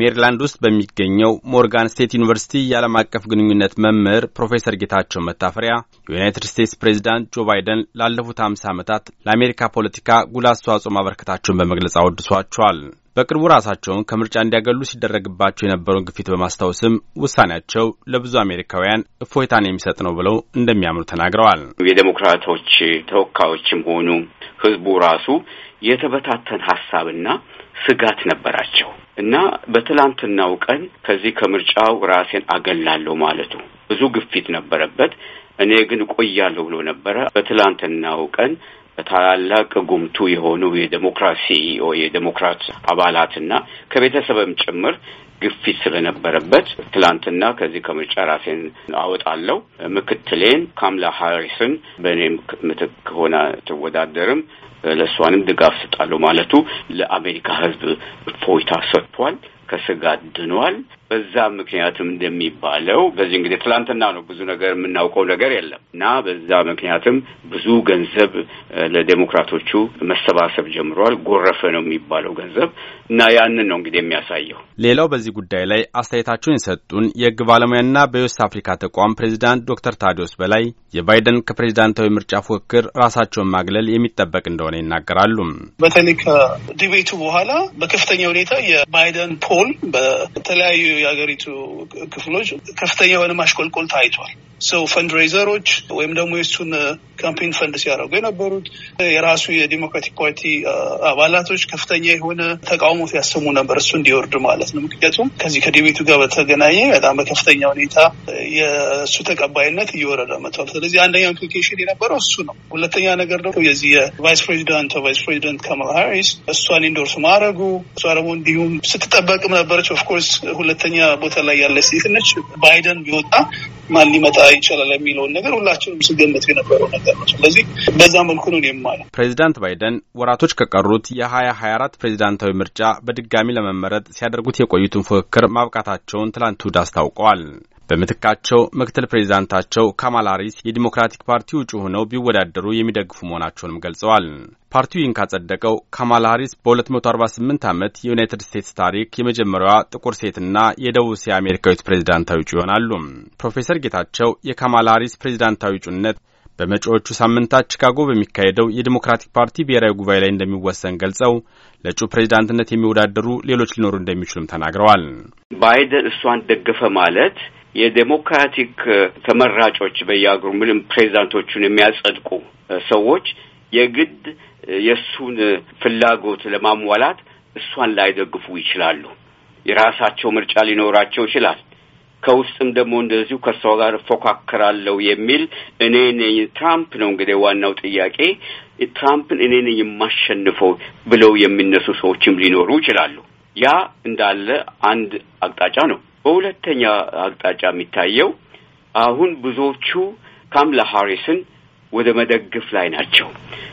ሜሪላንድ ውስጥ በሚገኘው ሞርጋን ስቴት ዩኒቨርሲቲ የዓለም አቀፍ ግንኙነት መምህር ፕሮፌሰር ጌታቸው መታፈሪያ የዩናይትድ ስቴትስ ፕሬዚዳንት ጆ ባይደን ላለፉት አምሳ ዓመታት ለአሜሪካ ፖለቲካ ጉልህ አስተዋጽኦ ማበረከታቸውን በመግለጽ አወድሷቸዋል። በቅርቡ ራሳቸውን ከምርጫ እንዲያገሉ ሲደረግባቸው የነበረውን ግፊት በማስታወስም ውሳኔያቸው ለብዙ አሜሪካውያን እፎይታን የሚሰጥ ነው ብለው እንደሚያምኑ ተናግረዋል። የዴሞክራቶች ተወካዮችም ሆኑ ህዝቡ ራሱ የተበታተን ሀሳብና ስጋት ነበራቸው። እና በትላንትናው ቀን ከዚህ ከምርጫው ራሴን አገላለሁ ማለቱ ብዙ ግፊት ነበረበት። እኔ ግን ቆያለሁ ብሎ ነበረ። በትላንትናው ቀን በታላላቅ ጉምቱ የሆኑ የዴሞክራሲ የዴሞክራት አባላትና ከቤተሰብም ጭምር ግፊት ስለነበረበት ትላንትና ከዚህ ከምርጫ ራሴን አወጣለሁ፣ ምክትሌን ካምላ ሃሪስን በእኔ ምትክ ሆና ትወዳደርም፣ ለእሷንም ድጋፍ ስጣለሁ ማለቱ ለአሜሪካ ሕዝብ እፎይታ ሰጥቷል። ከስጋት ድኗል። በዛም ምክንያትም እንደሚባለው በዚህ እንግዲህ ትላንትና ነው ብዙ ነገር የምናውቀው ነገር የለም እና በዛ ምክንያትም ብዙ ገንዘብ ለዴሞክራቶቹ መሰባሰብ ጀምረዋል። ጎረፈ ነው የሚባለው ገንዘብ እና ያንን ነው እንግዲህ የሚያሳየው። ሌላው በዚህ ጉዳይ ላይ አስተያየታቸውን የሰጡን የህግ ባለሙያና በዌስት አፍሪካ ተቋም ፕሬዚዳንት ዶክተር ታዲዮስ በላይ የባይደን ከፕሬዚዳንታዊ ምርጫ ፉክክር ራሳቸውን ማግለል የሚጠበቅ እንደሆነ ይናገራሉ። በተለይ ከዲቤቱ በኋላ በከፍተኛ ሁኔታ የባይደን ፖል በተለያዩ የሀገሪቱ ክፍሎች ከፍተኛ የሆነ ማሽቆልቆል ታይቷል። ሰው ፈንድሬዘሮች ወይም ደግሞ የሱን ካምፔን ፈንድ ሲያደርጉ የነበሩት የራሱ የዲሞክራቲክ ፓርቲ uh, አባላቶች ከፍተኛ የሆነ ተቃውሞ ያሰሙ ነበር፣ እሱ እንዲወርድ ማለት ነው። ምክንያቱም ከዚህ ከዲቤቱ ጋር በተገናኘ በጣም በከፍተኛ ሁኔታ uh, የእሱ ተቀባይነት እየወረደ መጥቷል። ስለዚህ አንደኛው ኢምፕሊኬሽን የነበረው እሱ ነው። ሁለተኛ ነገር ደግሞ የዚህ የቫይስ ፕሬዚዳንት ቫይስ ፕሬዚዳንት ካማላ ሃሪስ እሷን ኢንዶርስ ማድረጉ እሷ ደግሞ እንዲሁም ስትጠበቅም ነበረች። ኦፍኮርስ ሁለተኛ ቦታ ላይ ያለች ሴት ነች። ባይደን ቢወጣ ማን ሊመጣ ይችላል የሚለውን ነገር ሁላችንም ስገመት የነበረው ነገር ነው። ስለዚህ በዛ መልኩ ነው የማለ ፕሬዚዳንት ባይደን ወራቶች ከቀሩት የሀያ ሀያ አራት ፕሬዚዳንታዊ ምርጫ በድጋሚ ለመመረጥ ሲያደርጉት የቆዩትን ፉክክር ማብቃታቸውን ትላንት እሁድ አስታውቀዋል። በምትካቸው ምክትል ፕሬዚዳንታቸው ካማላ ሃሪስ የዲሞክራቲክ ፓርቲ ውጪ ሆነው ቢወዳደሩ የሚደግፉ መሆናቸውንም ገልጸዋል። ፓርቲው ይህን ካጸደቀው ካማላ ሃሪስ በ248 ዓመት የዩናይትድ ስቴትስ ታሪክ የመጀመሪያዋ ጥቁር ሴትና የደቡብ እስያ አሜሪካዊት ፕሬዚዳንታዊ ውጩ ይሆናሉ። ፕሮፌሰር ጌታቸው የካማላ ሃሪስ ፕሬዚዳንታዊ ውጪነት በመጪዎቹ ሳምንታት ቺካጎ በሚካሄደው የዲሞክራቲክ ፓርቲ ብሔራዊ ጉባኤ ላይ እንደሚወሰን ገልጸው ለእጩ ፕሬዚዳንትነት የሚወዳደሩ ሌሎች ሊኖሩ እንደሚችሉም ተናግረዋል። ባይደን እሷን ደገፈ ማለት የዴሞክራቲክ ተመራጮች በየአገሩ ምንም ፕሬዚዳንቶቹን የሚያጸድቁ ሰዎች የግድ የእሱን ፍላጎት ለማሟላት እሷን ላይደግፉ ይችላሉ። የራሳቸው ምርጫ ሊኖራቸው ይችላል። ከውስጥም ደግሞ እንደዚሁ ከእሷ ጋር እፎካከራለሁ የሚል እኔ ነኝ ትራምፕ ነው እንግዲህ ዋናው ጥያቄ ትራምፕን እኔ ነኝ የማሸንፈው ብለው የሚነሱ ሰዎችም ሊኖሩ ይችላሉ። ያ እንዳለ አንድ አቅጣጫ ነው። በሁለተኛ አቅጣጫ የሚታየው አሁን ብዙዎቹ ካምላ ሃሪስን ወደ መደግፍ ላይ ናቸው።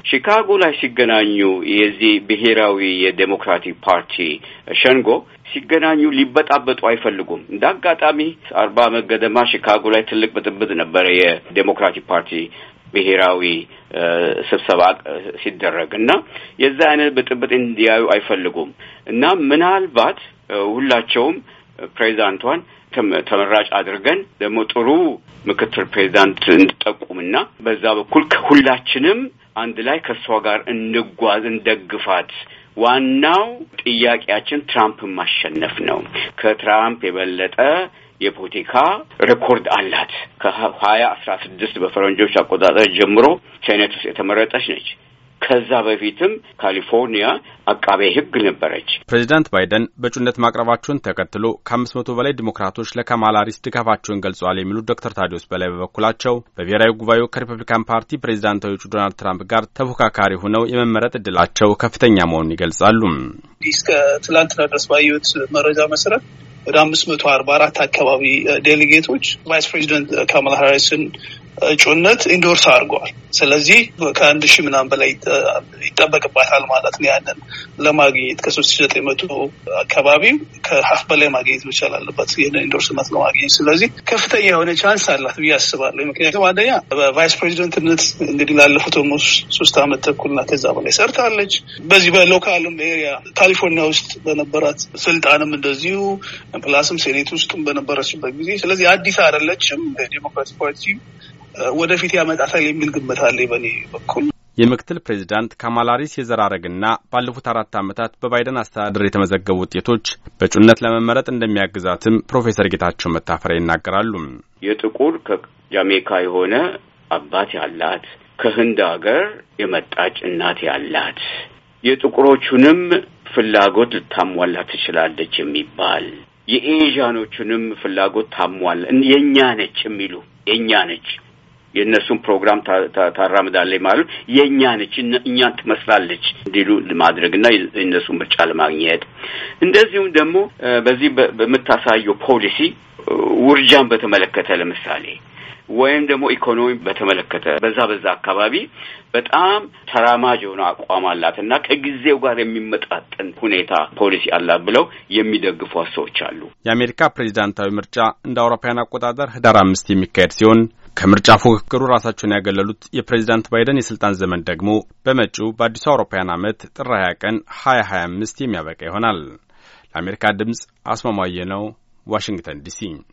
ሺካጎ ላይ ሲገናኙ የዚህ ብሔራዊ የዴሞክራቲክ ፓርቲ ሸንጎ ሲገናኙ ሊበጣበጡ አይፈልጉም። እንደ አጋጣሚ አርባ ዓመት ገደማ ሺካጎ ላይ ትልቅ ብጥብጥ ነበረ የዴሞክራቲክ ፓርቲ ብሔራዊ ስብሰባ ሲደረግ እና የዛ አይነት ብጥብጥ እንዲያዩ አይፈልጉም እና ምናልባት ሁላቸውም ፕሬዚዳንቷን ተመራጭ አድርገን ደግሞ ጥሩ ምክትል ፕሬዚዳንት እንድጠቁምና በዛ በኩል ሁላችንም አንድ ላይ ከእሷ ጋር እንጓዝ እንደግፋት። ዋናው ጥያቄያችን ትራምፕን ማሸነፍ ነው። ከትራምፕ የበለጠ የፖለቲካ ሬኮርድ አላት። ከሀያ አስራ ስድስት በፈረንጆች አቆጣጠር ጀምሮ ሴኔት ውስጥ የተመረጠች ነች። ከዛ በፊትም ካሊፎርኒያ አቃቤ ሕግ ነበረች። ፕሬዚዳንት ባይደን በእጩነት ማቅረባቸውን ተከትሎ ከአምስት መቶ በላይ ዲሞክራቶች ለካማላ ሃሪስ ድጋፋቸውን ገልጸዋል የሚሉት ዶክተር ታዲዮስ በላይ በበኩላቸው በብሔራዊ ጉባኤው ከሪፐብሊካን ፓርቲ ፕሬዚዳንታዊ እጩ ዶናልድ ትራምፕ ጋር ተፎካካሪ ሆነው የመመረጥ እድላቸው ከፍተኛ መሆኑን ይገልጻሉ። እስከ ትላንትና ድረስ ባየሁት መረጃ መሰረት ወደ አምስት መቶ አርባ አራት አካባቢ ዴሌጌቶች ቫይስ ፕሬዚደንት ካማላ ሃሪስን እጩነት ኢንዶርስ አድርገዋል። ስለዚህ ከአንድ ሺህ ምናምን በላይ ይጠበቅባታል ማለት ነው። ያንን ለማግኘት ከሶስት ሺህ ዘጠኝ መቶ አካባቢ ከሀፍ በላይ ማግኘት መቻል አለባት ይህንን ኢንዶርስመንት ለማግኘት። ስለዚህ ከፍተኛ የሆነ ቻንስ አላት ብዬ አስባለሁ። ምክንያቱም አንደኛ በቫይስ ፕሬዚደንትነት እንግዲህ ላለፉት ሞ ሶስት አመት ተኩልና ከዛ በላይ ሰርታለች። በዚህ በሎካልም ኤሪያ ካሊፎርኒያ ውስጥ በነበራት ስልጣንም እንደዚሁ ፕላስም ሴኔት ውስጥም በነበረችበት ጊዜ ስለዚህ አዲስ አይደለችም። ዲሞክራቲክ ፓርቲ ወደፊት ያመጣታል የሚል ግምት አለ በእኔ በኩል። የምክትል ፕሬዚዳንት ካማላ ሃሪስ የዘር ሐረግና ባለፉት አራት ዓመታት በባይደን አስተዳደር የተመዘገቡ ውጤቶች በእጩነት ለመመረጥ እንደሚያግዛትም ፕሮፌሰር ጌታቸው መታፈሪያ ይናገራሉ። የጥቁር ከጃሜካ የሆነ አባት ያላት ከህንድ ሀገር የመጣች እናት ያላት የጥቁሮቹንም ፍላጎት ልታሟላ ትችላለች የሚባል የኤዥያኖቹንም ፍላጎት ታሟላ የእኛ ነች የሚሉ የእኛ ነች የእነሱን ፕሮግራም ታራምዳለች ማለት የእኛ ነች እኛን ትመስላለች እንዲሉ ለማድረግና የእነሱ ምርጫ ለማግኘት እንደዚሁም ደግሞ በዚህ በምታሳየው ፖሊሲ ውርጃን በተመለከተ ለምሳሌ ወይም ደግሞ ኢኮኖሚ በተመለከተ በዛ በዛ አካባቢ በጣም ተራማጅ የሆነ አቋም አላት እና ከጊዜው ጋር የሚመጣጠን ሁኔታ ፖሊሲ አላት ብለው የሚደግፏት ሰዎች አሉ። የአሜሪካ ፕሬዚዳንታዊ ምርጫ እንደ አውሮፓውያን አቆጣጠር ህዳር አምስት የሚካሄድ ሲሆን ከምርጫ ፉክክሩ ራሳቸውን ያገለሉት የፕሬዚዳንት ባይደን የስልጣን ዘመን ደግሞ በመጪው በአዲሱ አውሮፓውያን ዓመት ጥር 20 ቀን 2025 የሚያበቃ ይሆናል። ለአሜሪካ ድምፅ አስማማየ ነው፣ ዋሽንግተን ዲሲ